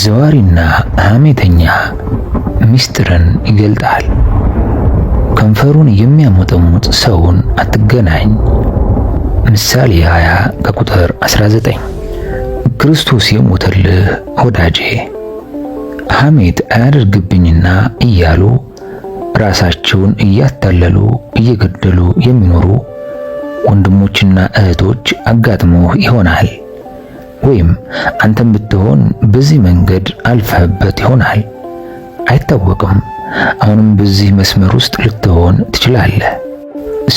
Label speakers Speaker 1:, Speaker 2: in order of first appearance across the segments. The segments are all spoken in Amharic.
Speaker 1: ዘዋሪና ሐሜተኛ ምስጢርን ይገልጣል። ከንፈሩን የሚያሞጠሙጥ ሰውን አትገናኝ። ምሳሌ 20 ከቁጥር 19 ክርስቶስ የሞተልህ ወዳጄ ሐሜት አያደርግብኝና እያሉ ራሳቸውን እያታለሉ እየገደሉ የሚኖሩ ወንድሞችና እህቶች አጋጥሞህ ይሆናል። ወይም አንተም ብትሆን በዚህ መንገድ አልፈህበት ይሆናል፣ አይታወቅም። አሁንም በዚህ መስመር ውስጥ ልትሆን ትችላለህ።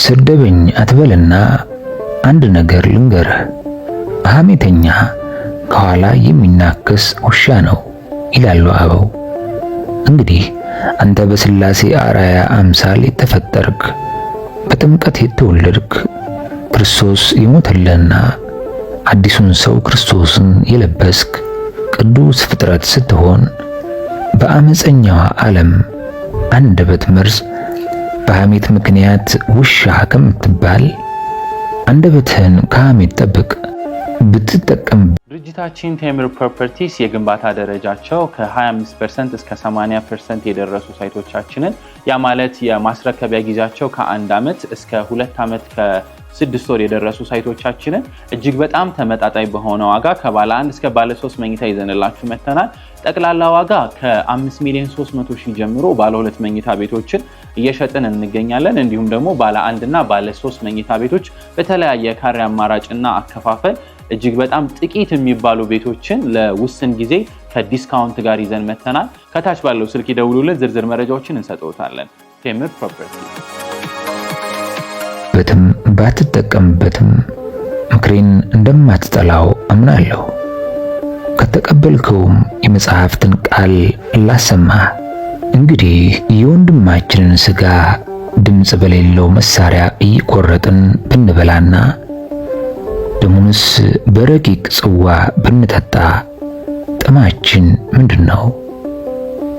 Speaker 1: ሰደበኝ አትበልና አንድ ነገር ልንገርህ። ሐሜተኛ ከኋላ የሚናከስ ውሻ ነው ይላሉ አበው። እንግዲህ አንተ በሥላሴ አራያ አምሳል የተፈጠርክ በጥምቀት የተወለድክ ክርስቶስ የሞተልህና አዲሱን ሰው ክርስቶስን የለበስክ ቅዱስ ፍጥረት ስትሆን በአመፀኛዋ ዓለም አንደበት መርዝ በሐሜት ምክንያት ውሻ ከምትባል አንደበትህን ከሐሜት ጠብቅ ብትጠቀም።
Speaker 2: ድርጅታችን ቴምር ፕሮፐርቲስ የግንባታ ደረጃቸው ከ25 ፐርሰንት እስከ 80 ፐርሰንት የደረሱ ሳይቶቻችንን ያ ማለት የማስረከቢያ ጊዜያቸው ከአንድ ዓመት እስከ ሁለት ዓመት ስድስት ወር የደረሱ ሳይቶቻችንን እጅግ በጣም ተመጣጣኝ በሆነ ዋጋ ከባለ አንድ እስከ ባለ ሶስት መኝታ ይዘንላችሁ መተናል። ጠቅላላ ዋጋ ከ5 ሚሊዮን 300 ሺህ ጀምሮ ባለ ሁለት መኝታ ቤቶችን እየሸጥን እንገኛለን። እንዲሁም ደግሞ ባለ አንድና ባለ ሶስት መኝታ ቤቶች በተለያየ ካሬ አማራጭና አከፋፈል እጅግ በጣም ጥቂት የሚባሉ ቤቶችን ለውስን ጊዜ ከዲስካውንት ጋር ይዘን መተናል። ከታች ባለው ስልክ ይደውሉልን፣ ዝርዝር መረጃዎችን እንሰጥዎታለን። ቴምር ፕሮፐርቲ
Speaker 1: ብትጠቀምበትም ባትጠቀምበትም ምክሬን እንደማትጠላው አምናለሁ። ከተቀበልከውም የመጽሐፍትን ቃል ላሰማ እንግዲህ የወንድማችንን ሥጋ ድምፅ በሌለው መሳሪያ እየቆረጥን ብንበላና ደሙንስ በረቂቅ ጽዋ ብንጠጣ ጥማችን ምንድን ነው?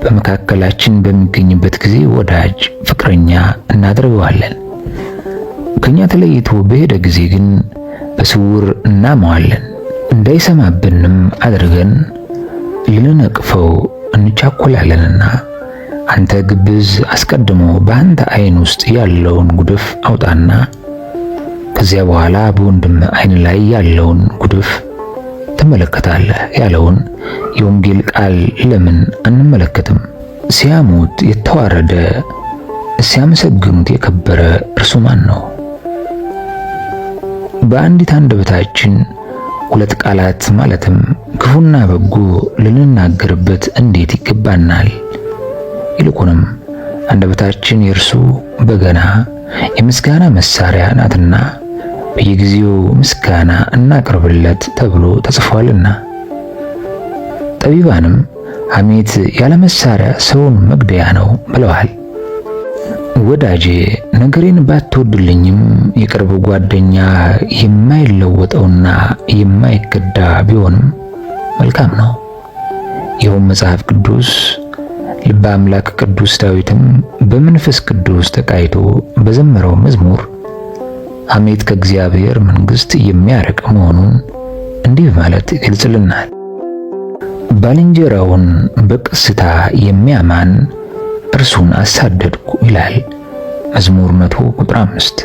Speaker 1: በመካከላችን በሚገኝበት ጊዜ ወዳጅ ፍቅረኛ እናደርገዋለን። ከኛ ተለይቶ በሄደ ጊዜ ግን በስውር እናመዋለን። እንዳይሰማብንም አድርገን ልንነቅፈው እንቻኮላለንና አንተ ግብዝ አስቀድሞ በአንተ አይን ውስጥ ያለውን ጉድፍ አውጣና ከዚያ በኋላ በወንድም አይን ላይ ያለውን ጉድፍ ትመለከታለህ ያለውን የወንጌል ቃል ለምን አንመለከትም? ሲያሙት የተዋረደ ሲያመሰግኑት የከበረ እርሱ ማን ነው? በአንዲት አንደበታችን ሁለት ቃላት ማለትም ክፉና በጎ ልንናገርበት እንዴት ይገባናል? ይልቁንም አንደበታችን የእርሱ በገና የምስጋና መሳሪያ ናትና በየጊዜው ምስጋና እናቅርብለት ተብሎ ተጽፏልና። ጠቢባንም ሐሜት ያለ መሳሪያ ሰውን መግደያ ነው ብለዋል። ወዳጄ ነገሬን ባትወድልኝም የቅርብ ጓደኛ የማይለወጠውና የማይከዳ ቢሆንም መልካም ነው። ይኸውም መጽሐፍ ቅዱስ ልበ አምላክ ቅዱስ ዳዊትም በመንፈስ ቅዱስ ተቃይቶ በዘመረው መዝሙር ሐሜት ከእግዚአብሔር መንግሥት የሚያርቅ መሆኑን እንዲህ ማለት ይገልጽልናል። ባልንጀራውን በቅስታ የሚያማን እርሱን አሳደድኩ ይላል። መዝሙር 100 ቁጥር 5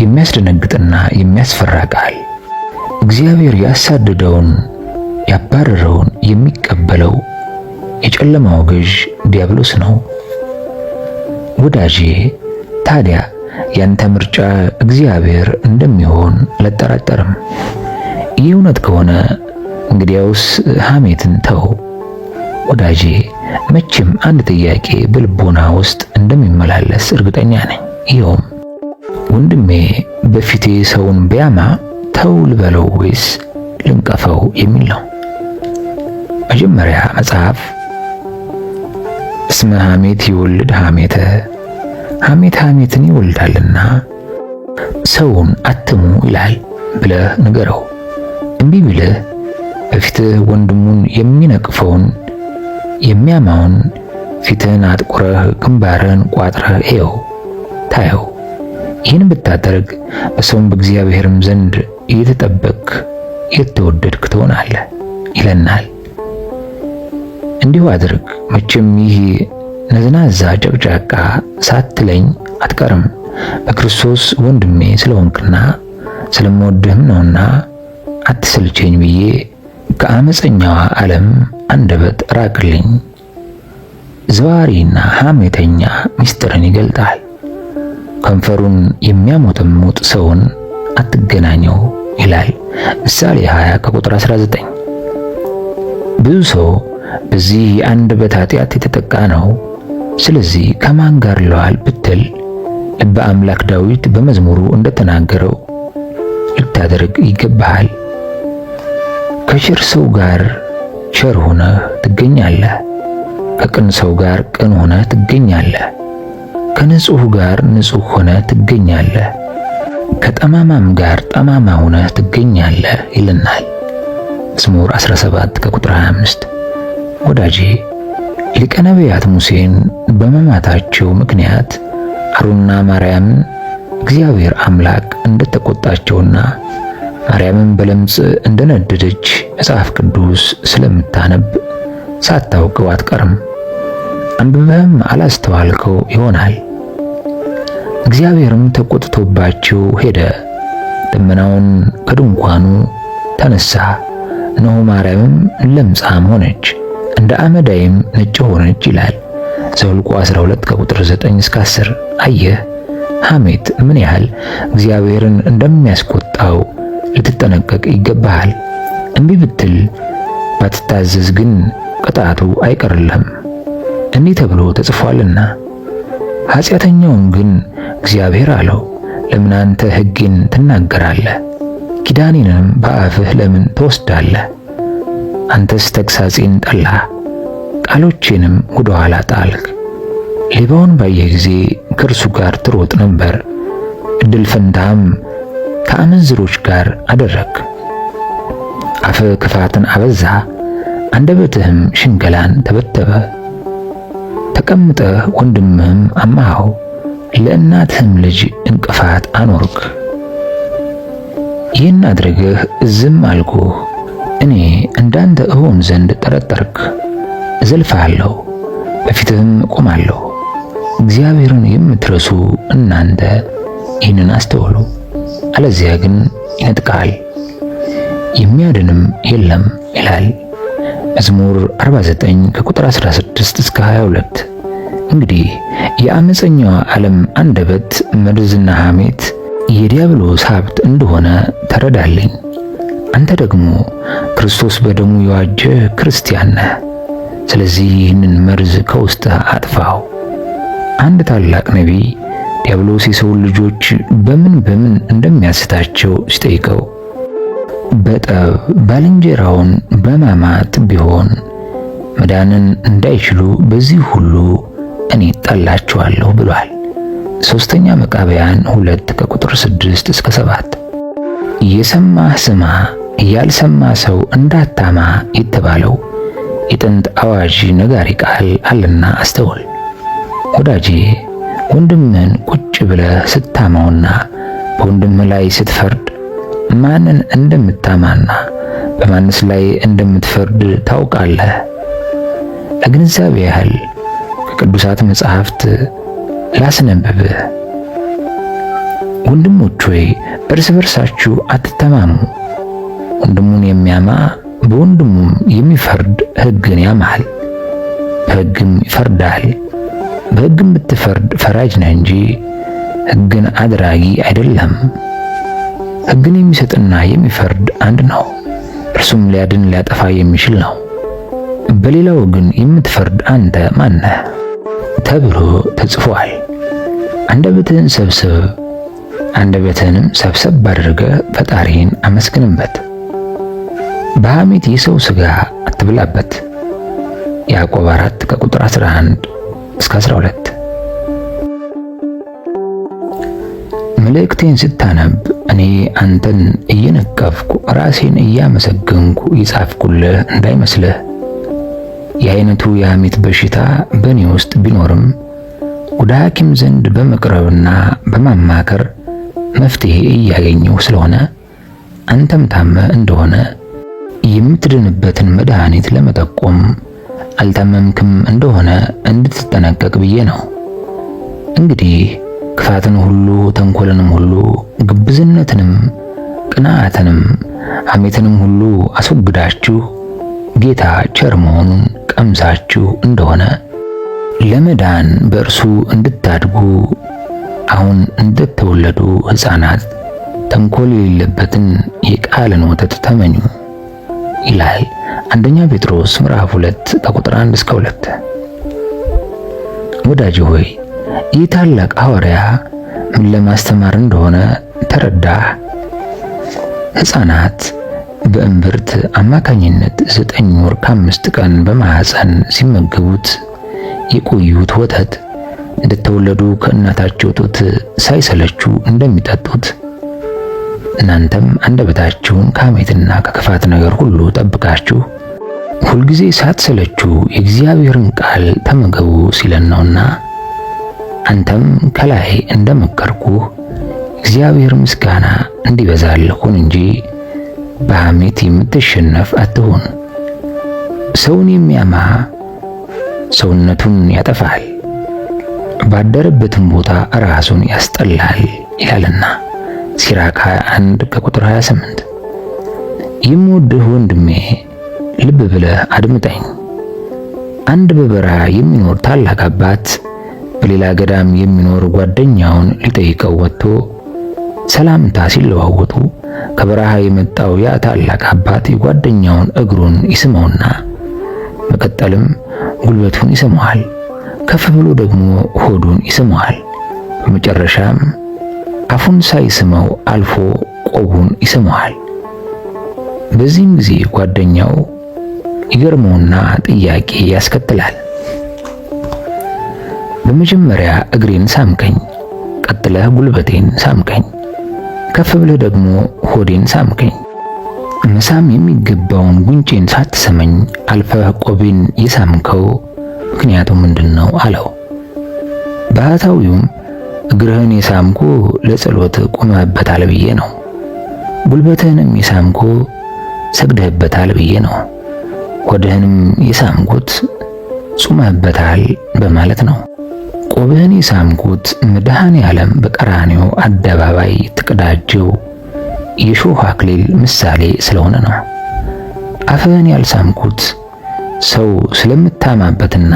Speaker 1: የሚያስደነግጥና የሚያስፈራ ቃል እግዚአብሔር ያሳደደውን ያባረረውን የሚቀበለው የጨለማው ገዥ ዲያብሎስ ነው። ወዳጄ ታዲያ ያንተ ምርጫ እግዚአብሔር እንደሚሆን አልጠራጠርም። ይህ እውነት ከሆነ እንግዲያውስ ሐሜትን ተው። ወዳጄ መቼም አንድ ጥያቄ በልቦና ውስጥ እንደሚመላለስ እርግጠኛ ነኝ። ይኸውም ወንድሜ በፊቴ ሰውን ቢያማ ተው ልበለው ወይስ ልንቀፈው የሚል ነው። መጀመሪያ መጽሐፍ እስመ ሐሜት ይወልድ ሐሜተ፣ ሐሜት ሐሜትን ይወልዳልና ሰውን አትሙ ይላል ብለህ ንገረው። እምቢ ቢልህ በፊትህ ወንድሙን የሚነቅፈውን የሚያማውን ፊትን አጥቁረህ ግንባርን ቋጥረህ እየው ታየው። ይህን ብታደርግ በሰውም በእግዚአብሔርም ዘንድ እየተጠበቅክ የተወደድክ ትሆናለህ ይለናል። እንዲሁ አድርግ፣ መቼም ይህ ነዝናዛ ጨቅጫቃ ሳትለኝ አትቀርም። በክርስቶስ ወንድሜ ስለሆንክና ስለምወድህም ነውና አትሰልቸኝ ብዬ ከአመፀኛዋ ዓለም አንደበት ራቅልኝ ዘዋሪና ሐሜተኛ ምስጢርን ይገልጣል። ከንፈሩን የሚያሞጠሙጥ ሰውን አትገናኘው ይላል ምሳሌ 20 ከቁጥር 19። ብዙ ሰው በዚህ የአንደበት ኃጢአት የተጠቃ ነው። ስለዚህ ከማን ጋር ለዋል ብትል ልበ አምላክ ዳዊት በመዝሙሩ እንደተናገረው ልታደርግ ይገባሃል ከሽር ሰው ጋር ቸር ሆነህ ትገኛለህ። ከቅን ሰው ጋር ቅን ሆነህ ትገኛለህ። ከንጹህ ጋር ንጹህ ሆነህ ትገኛለህ። ከጠማማም ጋር ጠማማ ሆነህ ትገኛለህ ይልናል መዝሙር 17 ከቁጥር 25። ወዳጄ ሊቀ ነቢያት ሙሴን በመማታቸው ምክንያት አሮንና ማርያምን እግዚአብሔር አምላክ እንደተቆጣቸውና ማርያምን በለምጽ እንደነደደች መጽሐፍ ቅዱስ ስለምታነብ ሳታውቀው አትቀርም። አንብበህም አላስተዋልከው ይሆናል። እግዚአብሔርም ተቆጥቶባቸው ሄደ። ደመናውን ከድንኳኑ ተነሳ። እነሆ ማርያምም ለምጻም ሆነች፣ እንደ አመዳይም ነጭ ሆነች ይላል ዘኍልቍ 12 ከቁጥር 9 እስከ 10። አየህ ሐሜት ምን ያህል እግዚአብሔርን እንደሚያስቆጣው ልትጠነቀቅ ይገባሃል። እምቢ ብትል ባትታዘዝ ግን ቅጣቱ አይቀርልህም፣ እንዲህ ተብሎ ተጽፏልና። ኃጢአተኛውን ግን እግዚአብሔር አለው፣ ለምን አንተ ሕጌን ትናገራለህ? ኪዳኔንም በአፍህ ለምን ትወስዳለህ? አንተስ ተግሳጼን ጠላህ፣ ቃሎቼንም ወደ ኋላ ጣልክ። ሌባውን ባየህ ጊዜ ከእርሱ ጋር ትሮጥ ነበር፣ እድል ፈንታም ከአመንዝሮች ጋር አደረግ። አፍህ ክፋትን አበዛ፣ አንደበትህም ሽንገላን ተበተበ። ተቀምጠህ ወንድምህም አማኸው፣ ለእናትህም ልጅ እንቅፋት አኖርክ። ይህን አድርገህ እዝም አልኩህ፣ እኔ እንዳንተ እሆን ዘንድ ጠረጠርክ። እዘልፍሃለሁ፣ በፊትህም እቆማለሁ። እግዚአብሔርን የምትረሱ እናንተ ይህንን አስተውሉ፣ አለዚያ ግን ይነጥቃል። የሚያድንም የለም ይላል መዝሙር 49 ከቁጥር 16 እስከ 22። እንግዲህ የአመፀኛዋ ዓለም አንደበት መርዝና ሐሜት የዲያብሎስ ሀብት እንደሆነ ተረዳልኝ። አንተ ደግሞ ክርስቶስ በደሙ የዋጀ ክርስቲያን ነህ። ስለዚህ ይህንን መርዝ ከውስጥ አጥፋው። አንድ ታላቅ ነቢይ ዲያብሎስ የሰውን ልጆች በምን በምን እንደሚያስታቸው ሲጠይቀው በጠብ ባልንጀራውን በማማት ቢሆን መዳንን እንዳይችሉ በዚህ ሁሉ እኔ እጠላቸዋለሁ ብሏል። ሶስተኛ መቃብያን ሁለት ከቁጥር ስድስት እስከ ሰባት የሰማ ስማ ያልሰማ ሰው እንዳታማ የተባለው የጥንት አዋጅ ነጋሪ ቃል አለና አስተውል። ወዳጄ ወንድምን ቁጭ ብለህ ስታማውና በወንድም ላይ ስትፈርድ ማንን እንደምታማና በማንስ ላይ እንደምትፈርድ ታውቃለህ። ለግንዛቤ ያህል ከቅዱሳት መጻሕፍት ላስነብብህ። ወንድሞች ሆይ እርስ በርሳችሁ አትተማሙ። ወንድሙን የሚያማ በወንድሙም የሚፈርድ ሕግን ያማል፣ በሕግም ይፈርዳል። በሕግም ብትፈርድ ፈራጅ ነህ እንጂ ሕግን አድራጊ አይደለም። ሕግን የሚሰጥና የሚፈርድ አንድ ነው። እርሱም ሊያድን ሊያጠፋ የሚችል ነው። በሌላው ግን የምትፈርድ አንተ ማነህ ተብሎ ተጽፏል። አንደበትህን ሰብስብ፣ አንደበትህንም ሰብሰብ ባድርገ ፈጣሪን አመስግንበት። በሐሜት የሰው ሥጋ አትብላበት። ያዕቆብ 4 ከቁጥር 11 እስከ 12 መልእክቴን ስታነብ እኔ አንተን እየነቀፍኩ ራሴን እያመሰገንኩ ይጻፍኩልህ እንዳይመስልህ። የአይነቱ የሐሜት በሽታ በእኔ ውስጥ ቢኖርም ወደ ሐኪም ዘንድ በመቅረብና በማማከር መፍትሄ እያገኘሁ ስለሆነ አንተም ታመ እንደሆነ የምትድንበትን መድኃኒት ለመጠቆም አልታመምክም እንደሆነ እንድትጠነቀቅ ብዬ ነው። እንግዲህ ክፋትን ሁሉ ተንኮልንም ሁሉ ግብዝነትንም ቅንዓትንም ሐሜትንም ሁሉ አስወግዳችሁ ጌታ ቸር መሆኑን ቀምሳችሁ እንደሆነ ለመዳን በእርሱ እንድታድጉ አሁን እንደተወለዱ ሕፃናት ተንኮል የሌለበትን የቃልን ወተት ተመኙ ይላል አንደኛ ጴጥሮስ ምዕራፍ 2 ከቁጥር 1 እስከ 2። ወዳጅ ሆይ ይህ ታላቅ ሐዋርያ ምን ለማስተማር እንደሆነ ተረዳ። ሕፃናት በእምብርት አማካኝነት ዘጠኝ ወር ከአምስት ቀን በማህፀን ሲመገቡት የቆዩት ወተት እንደተወለዱ ከእናታቸው ጡት ሳይሰለቹ እንደሚጠጡት እናንተም አንደበታችሁን ከሐሜትና ከክፋት ነገር ሁሉ ጠብቃችሁ ሁልጊዜ ሳትሰለቹ የእግዚአብሔርን ቃል ተመገቡ ሲለን ነውና አንተም ከላይ እንደመከርኩህ እግዚአብሔር ምስጋና እንዲበዛልህ ሁን እንጂ በሐሜት የምትሸነፍ አትሁን። ሰውን የሚያማ ሰውነቱን ያጠፋል፣ ባደረበትም ቦታ ራሱን ያስጠላል ይላልና ሲራክ 21 ከቁጥር 28። የምወድህ ወንድሜ ልብ ብለህ አድምጠኝ። አንድ በበረሃ የሚኖር ታላቅ አባት በሌላ ገዳም የሚኖር ጓደኛውን ሊጠይቀው ወጥቶ ሰላምታ ሲለዋወጡ ከበረሃ የመጣው ያ ታላቅ አባት የጓደኛውን እግሩን ይስመውና በቀጠልም ጉልበቱን ይስመዋል። ከፍ ብሎ ደግሞ ሆዱን ይስመዋል። በመጨረሻም አፉን ሳይስመው አልፎ ቆቡን ይስመዋል። በዚህም ጊዜ ጓደኛው ይገርመውና ጥያቄ ያስከትላል። በመጀመሪያ እግሬን ሳምከኝ፣ ቀጥለህ ጉልበቴን ሳምከኝ፣ ከፍ ብለህ ደግሞ ሆዴን ሳምከኝ። መሳም የሚገባውን ጉንጬን ሳትሰመኝ አልፈህ ቆቤን የሳምከው ምክንያቱ ምንድን ነው አለው። ባህታዊውም እግርህን የሳምኩ ለጸሎት ቆመህበታል ብዬ ነው፣ ጉልበትህንም የሳምኩ ሰግደህበታል ብዬ ነው፣ ሆድህንም የሳምኩት ጾመህበታል በማለት ነው። ያዕቆብን የሳምኩት መድኃኔ ዓለም በቀራኒዮ አደባባይ የተቀዳጀው የሾህ አክሊል ምሳሌ ስለሆነ ነው። አፍህን ያልሳምኩት ሰው ስለምታማበትና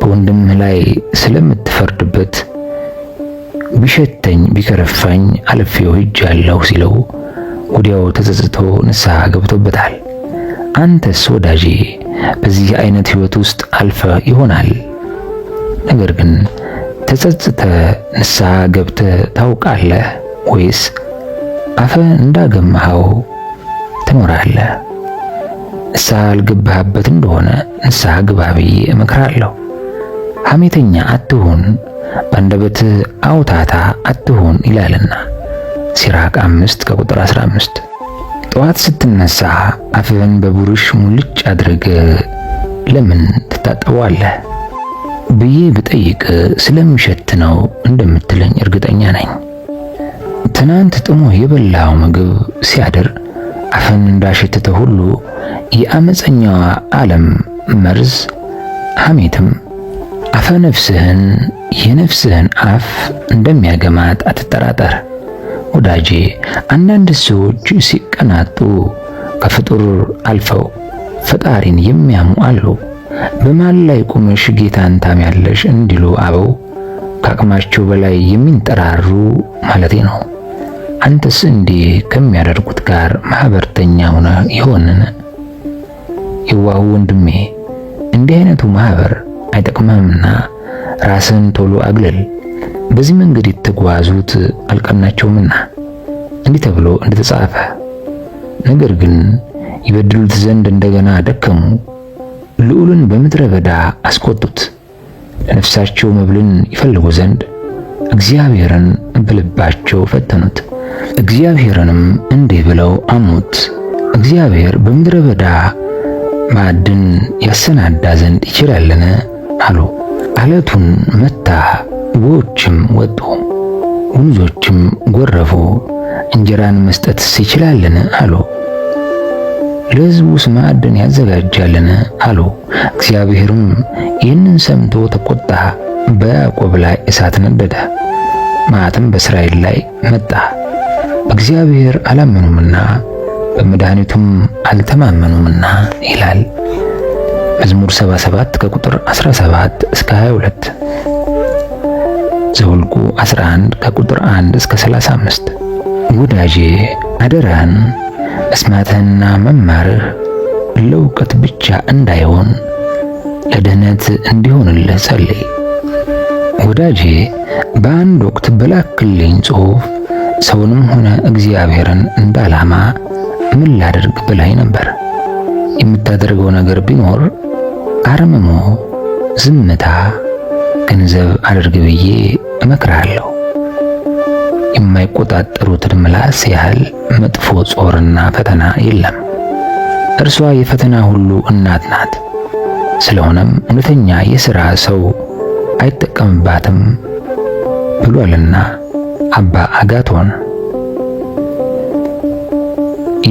Speaker 1: በወንድምህ ላይ ስለምትፈርድበት ቢሸተኝ ቢከረፋኝ አልፌው ሄጃለሁ ሲለው ወዲያው ተጸጽቶ ንስሐ ገብቶበታል። አንተስ ወዳጄ በዚህ አይነት ሕይወት ውስጥ አልፈ ይሆናል። ነገር ግን ተጸጽተ ንስሐ ገብተ ታውቃለህ ወይስ አፈ እንዳገማኸው ትኖራለህ? ንስሐ አልገባህበት እንደሆነ ንስሐ ግባ ብዬ እመክራለሁ። ሐሜተኛ አትሁን፣ በአንደበትህ አውታታ አትሁን ይላልና ሲራቅ 5 ከቁጥር 15። ጠዋት ስትነሳ አፍህን በቡሩሽ ሙልጭ አድርገ ለምን ትታጠበዋለህ? ብዬ ብጠይቅ ስለሚሸት ነው እንደምትለኝ እርግጠኛ ነኝ። ትናንት ጥሞ የበላው ምግብ ሲያድር አፍን እንዳሸተተ ሁሉ የአመፀኛዋ ዓለም መርዝ ሐሜትም አፈ ነፍስህን የነፍስህን አፍ እንደሚያገማት አትጠራጠር ወዳጄ። አንዳንድ ሰዎች ሲቀናጡ ከፍጡር አልፈው ፈጣሪን የሚያሙ አሉ። በማን ላይ ቆመሽ ጌታን ታምያለሽ እንዲሉ አበው ከአቅማቸው በላይ የሚንጠራሩ ማለቴ ነው። አንተስ እንዲህ ከሚያደርጉት ጋር ማህበርተኛ ሆነ ይሆንን? የዋሁ ወንድሜ እንዲህ አይነቱ ማህበር አይጠቅምህምና ራስን ቶሎ አግለል በዚህ መንገድ የተጓዙት አልቀናቸውምና እንዲህ ተብሎ እንደተጻፈ ነገር ግን ይበድሉት ዘንድ እንደገና ደከሙ። ልዑልን በምድረ በዳ አስቆጡት። ለነፍሳቸው መብልን ይፈልጉ ዘንድ እግዚአብሔርን በልባቸው ፈተኑት። እግዚአብሔርንም እንዲህ ብለው አሙት። እግዚአብሔር በምድረ በዳ ማዕድን ያሰናዳ ዘንድ ይችላልን? አሉ። አለቱን መታ፣ ውኆችም ወጡ፣ ወንዞችም ጎረፉ። እንጀራን መስጠትስ ይችላልን? አሉ። ለሕዝቡስ ማዕድን ያዘጋጃልን አሉ። እግዚአብሔርም ይህንን ሰምቶ ተቆጣ፣ በያዕቆብ ላይ እሳት ነደደ፣ መዓትም በእስራኤል ላይ መጣ። እግዚአብሔር አላመኑምና በመድኃኒቱም አልተማመኑምና ይላል። መዝሙር 77 ከቁጥር 17 እስከ 22፣ ዘውልቁ 11 ከቁጥር 1 እስከ 35። ወዳጄ አደራን መስማትህና መማርህ ለእውቀት ብቻ እንዳይሆን ለድህነት እንዲሆንልህ ጸልይ። ወዳጄ በአንድ ወቅት በላክልኝ ጽሑፍ ሰውንም ሆነ እግዚአብሔርን እንደ ዓላማ ምን ላደርግ ብላኝ ነበር። የምታደርገው ነገር ቢኖር አርምሞ፣ ዝምታ፣ ገንዘብ አድርግ ብዬ እመክርሃለሁ። የማይቆጣጠሩትን ምላስ ያህል መጥፎ ጾርና ፈተና የለም። እርሷ የፈተና ሁሉ እናት ናት። ስለሆነም እውነተኛ የሥራ ሰው አይጠቀምባትም ብሏልና አባ አጋቶን።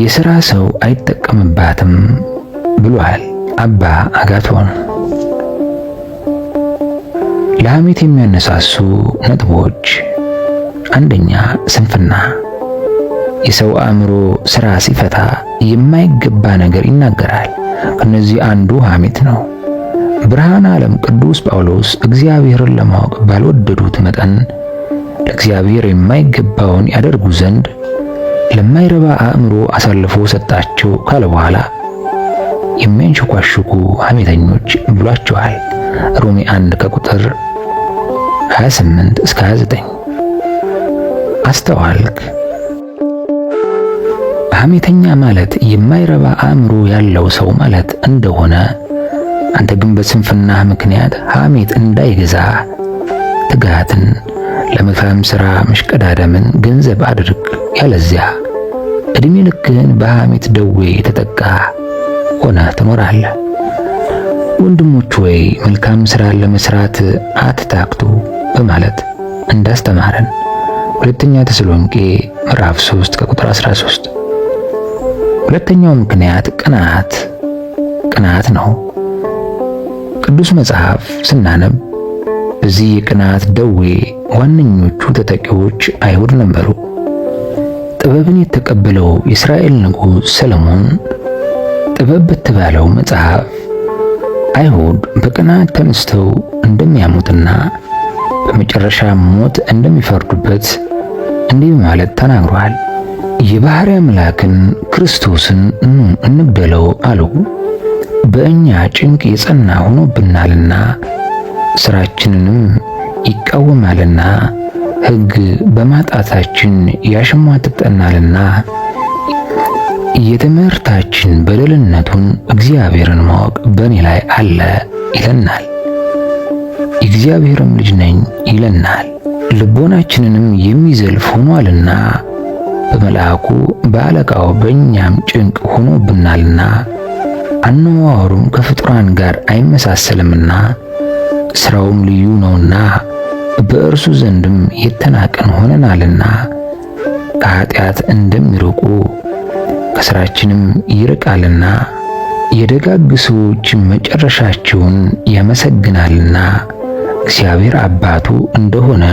Speaker 1: የሥራ ሰው አይጠቀምባትም ብሏል አባ አጋቶን። ለሐሜት የሚያነሳሱ ነጥቦች አንደኛ ስንፍና። የሰው አእምሮ ስራ ሲፈታ የማይገባ ነገር ይናገራል። ከነዚህ አንዱ ሐሜት ነው። ብርሃን ዓለም ቅዱስ ጳውሎስ እግዚአብሔርን ለማወቅ ባልወደዱት መጠን ለእግዚአብሔር የማይገባውን ያደርጉ ዘንድ ለማይረባ አእምሮ አሳልፎ ሰጣቸው ካለ በኋላ የሚያንሸኳሽኩ ሐሜተኞች ብሏቸዋል። ሮሜ 1 ከቁጥር 28 እስከ 29 አስተዋልክ። ሐሜተኛ ማለት የማይረባ አእምሮ ያለው ሰው ማለት እንደሆነ አንተ ግን በስንፍናህ ምክንያት ሐሜት እንዳይገዛ ትጋትን፣ ለመልካም ሥራ መሽቀዳደምን ገንዘብ አድርግ። ያለዚያ ዕድሜ ልክህን በሐሜት ደዌ የተጠቃ ሆነ ትኖራለህ። ወንድሞች ወይ መልካም ሥራን ለመሥራት አትታክቱ በማለት እንዳስተማረን ሁለተኛ ተሰሎንቄ ምዕራፍ 3 ከቁጥር 13። ሁለተኛው ምክንያት ቅናት ቅናት ነው። ቅዱስ መጽሐፍ ስናነብ በዚህ የቅናት ደዌ ዋነኞቹ ተጠቂዎች አይሁድ ነበሩ። ጥበብን የተቀበለው የእስራኤል ንጉሥ ሰለሞን ጥበብ በተባለው መጽሐፍ አይሁድ በቅናት ተነስተው እንደሚያሙትና በመጨረሻ ሞት እንደሚፈርዱበት እንዲህ ማለት ተናግሯል። የባህሪ አምላክን ክርስቶስን ኑ እንግደለው በእኛ ጭንቅ የጸና ሆኖብናልና ስራችንንም ይቃወማልና ሕግ በማጣታችን ያሸማትጠናልና የትምህርታችን በደልነቱን እግዚአብሔርን ማወቅ በእኔ ላይ አለ ይለናል። የእግዚአብሔርም ልጅ ነኝ ይለናል። ልቦናችንንም የሚዘልፍ ሆኗልና በመልአኩ በአለቃው በእኛም ጭንቅ ሆኖብናልና አነዋወሩም ከፍጡራን ጋር አይመሳሰልምና ሥራውም ልዩ ነውና በእርሱ ዘንድም የተናቅን ሆነናልና ከኀጢአት እንደሚርቁ ከሥራችንም ይርቃልና የደጋግ ሰዎች መጨረሻቸውን ያመሰግናልና እግዚአብሔር አባቱ እንደሆነ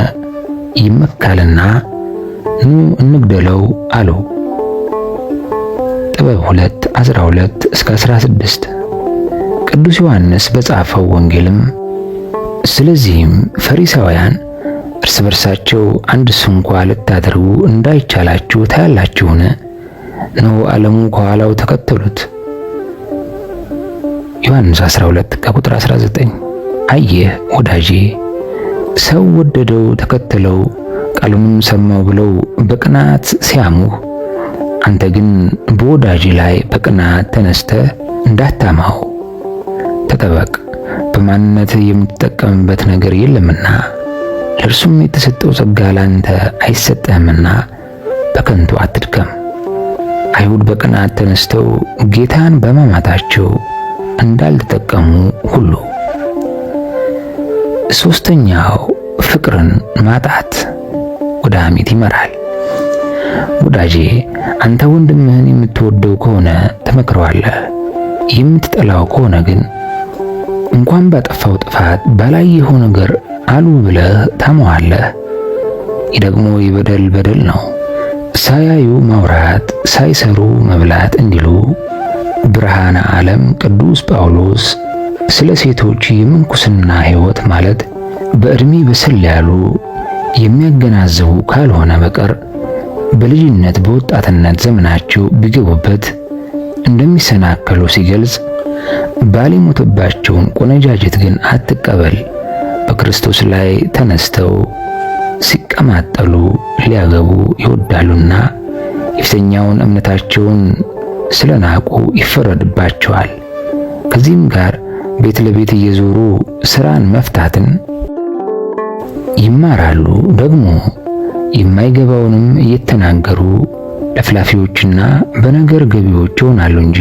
Speaker 1: ይመካልና ኑ እንግደለው አለው። ጥበብ 2 12 እስከ 16 ቅዱስ ዮሐንስ በጻፈው ወንጌልም ስለዚህም ፈሪሳውያን እርስ በርሳቸው አንድ ስንኳ ልታደርጉ እንዳይቻላችሁ ታያላችሁን? ነው ዓለሙ ከኋላው ተከተሉት። ዮሐንስ 12 ከቁጥር 19 አየህ ወዳጄ፣ ሰው ወደደው ተከተለው፣ ቃሉንም ሰማው ብለው በቅናት ሲያሙህ፣ አንተ ግን በወዳጅ ላይ በቅናት ተነስተ እንዳታማው ተጠበቅ። በማንነት የምትጠቀምበት ነገር የለምና ለእርሱም የተሰጠው ጸጋ ላንተ አይሰጠህምና በከንቱ አትድከም። አይሁድ በቅናት ተነስተው ጌታን በማማታቸው እንዳልተጠቀሙ ሁሉ ሶስተኛው ፍቅርን ማጣት ወደ ሐሜት ይመራል። ወዳጄ አንተ ወንድምህን የምትወደው ከሆነ ትመክረዋለህ። የምትጠላው ከሆነ ግን እንኳን ባጠፋው ጥፋት የሆነ ነገር አሉ ብለህ ታመዋለህ። ይህ ደግሞ የበደል በደል ነው። ሳያዩ ማውራት፣ ሳይሰሩ መብላት እንዲሉ ብርሃነ ዓለም ቅዱስ ጳውሎስ ስለ ሴቶች የምንኩስና ሕይወት ማለት በእድሜ በስል ያሉ የሚያገናዘቡ ካልሆነ በቀር በልጅነት በወጣትነት ዘመናቸው ቢገቡበት እንደሚሰናከሉ ሲገልጽ ባል የሞተባቸውን ቆነጃጅት ግን አትቀበል፣ በክርስቶስ ላይ ተነስተው ሲቀማጠሉ ሊያገቡ ይወዳሉና የፊተኛውን እምነታቸውን ስለናቁ ይፈረድባቸዋል። ከዚህም ጋር ቤት ለቤት እየዞሩ ስራን መፍታትን ይማራሉ። ደግሞ የማይገባውንም እየተናገሩ ለፍላፊዎችና በነገር ገቢዎች ይሆናሉ እንጂ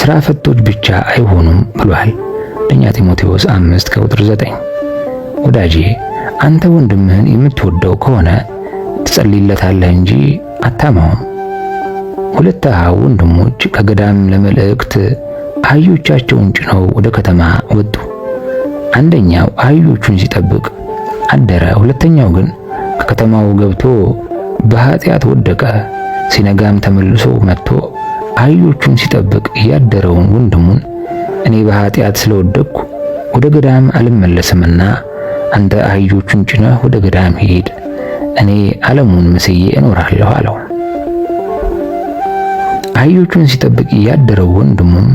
Speaker 1: ስራ ፈቶች ብቻ አይሆኑም ብሏል። አንደኛ ጢሞቴዎስ 5 ከቁጥር 9 ወዳጄ አንተ ወንድምህን የምትወደው ከሆነ ትጸልይለታለህ እንጂ አታማውም። ሁለት ወንድሞች ከገዳም ለመልእክት አህዮቻቸውን ጭነው ወደ ከተማ ወጡ። አንደኛው አህዮቹን ሲጠብቅ አደረ። ሁለተኛው ግን ከከተማው ገብቶ በኃጢአት ወደቀ። ሲነጋም ተመልሶ መጥቶ አህዮቹን ሲጠብቅ እያደረውን ወንድሙን እኔ በኃጢአት ስለወደቅኩ ወደ ገዳም አልመለስምና አንተ አህዮቹን ጭነህ ወደ ገዳም ሄድ እኔ ዓለሙን መስዬ እኖራለሁ አለው። አህዮቹን ሲጠብቅ ያደረው ወንድሙም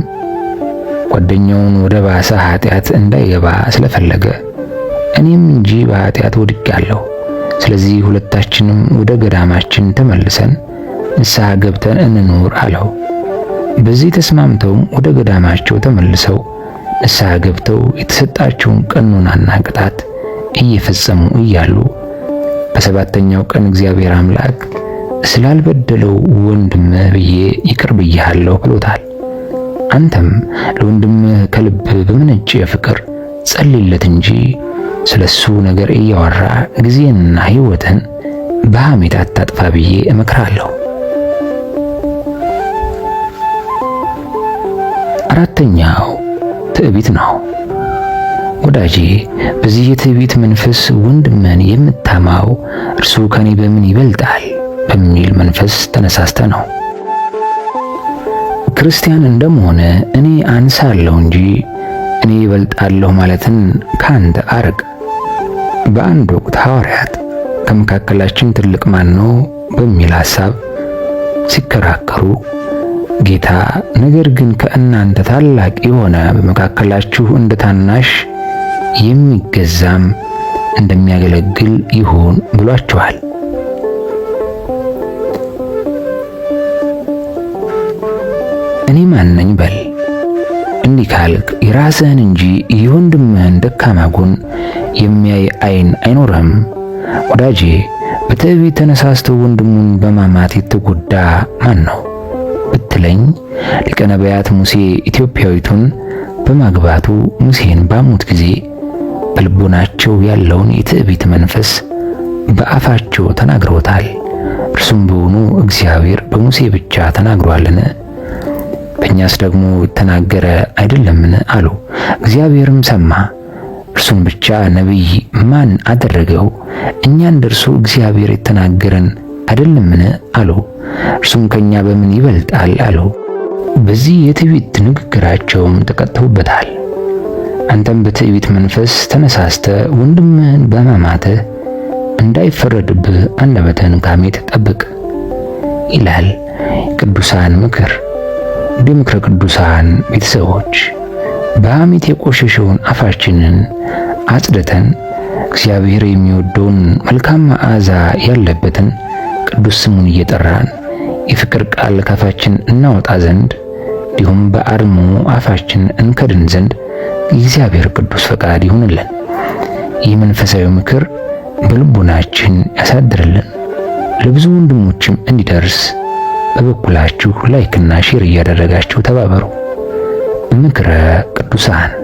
Speaker 1: ጓደኛውን ወደ ባሰ ኃጢአት እንዳይገባ ስለፈለገ እኔም እንጂ በኃጢአት ወድቄአለሁ። ስለዚህ ሁለታችንም ወደ ገዳማችን ተመልሰን ንስሐ ገብተን እንኖር አለው። በዚህ ተስማምተው ወደ ገዳማቸው ተመልሰው ንስሐ ገብተው የተሰጣቸውን ቀኖናና ቅጣት እየፈጸሙ እያሉ በሰባተኛው ቀን እግዚአብሔር አምላክ ስላልበደለው ወንድም ብዬ ይቅር ብያለሁ ብሎታል። አንተም ለወንድምህ ከልብ በመነጭ ፍቅር ጸልይለት እንጂ ስለሱ ነገር እያወራ ጊዜንና ሕይወትን በሐሜት አታጥፋ ብዬ እመክራለሁ። አራተኛው ትዕቢት ነው። ወዳጄ በዚህ የትዕቢት መንፈስ ወንድምን የምታማው እርሱ ከኔ በምን ይበልጣል በሚል መንፈስ ተነሳስተ ነው። ክርስቲያን እንደመሆነ እኔ አንሳለሁ እንጂ እኔ ይበልጣለሁ ማለትን ከአንተ አርቅ። በአንድ ወቅት ሐዋርያት ከመካከላችን ትልቅ ማን ነው በሚል ሐሳብ ሲከራከሩ ጌታ ነገር ግን ከእናንተ ታላቅ የሆነ በመካከላችሁ እንደ ታናሽ የሚገዛም እንደሚያገለግል ይሁን ብሏችኋል። እኔ ማነኝ በል። እንዲህ ካልክ የራስህን እንጂ የወንድምህን ደካማ ጎን የሚያይ አይን አይኖርህም። ወዳጄ በትዕቢት ተነሳስቶ ወንድሙን በማማት የተጎዳ ማን ነው ብትለኝ ሊቀ ነቢያት ሙሴ ኢትዮጵያዊቱን በማግባቱ ሙሴን ባሙት ጊዜ በልቦናቸው ያለውን የትዕቢት መንፈስ በአፋቸው ተናግረውታል። እርሱም በሆኑ እግዚአብሔር በሙሴ ብቻ ተናግሯልን? እኛስ ደግሞ ተናገረ አይደለምን አሉ። እግዚአብሔርም ሰማ። እርሱን ብቻ ነቢይ ማን አደረገው? እኛ እንደ እርሱ እግዚአብሔር የተናገረን አይደለምን አሉ። እርሱም ከኛ በምን ይበልጣል አሉ። በዚህ የትዕቢት ንግግራቸውም ተቀጥተውበታል። አንተም በትዕቢት መንፈስ ተነሳስተ ወንድምህን በማማትህ እንዳይፈረድብህ አንደበተን ከሐሜት ጠብቅ ይላል ቅዱሳን ምክር። እንዲሁም ከቅዱሳን ቤተሰቦች በሐሜት የቆሸሸውን አፋችንን አጽድተን እግዚአብሔር የሚወደውን መልካም መዓዛ ያለበትን ቅዱስ ስሙን እየጠራን የፍቅር ቃል ካፋችን እናወጣ ዘንድ እንዲሁም በአድሞ አፋችን እንከድን ዘንድ የእግዚአብሔር ቅዱስ ፈቃድ ይሁንልን። ይህ መንፈሳዊ ምክር በልቡናችን ያሳድርልን፣ ለብዙ ወንድሞችም እንዲደርስ በበኩላችሁ ላይክና ሼር እያደረጋችሁ ተባበሩ። ምክረ ቅዱሳን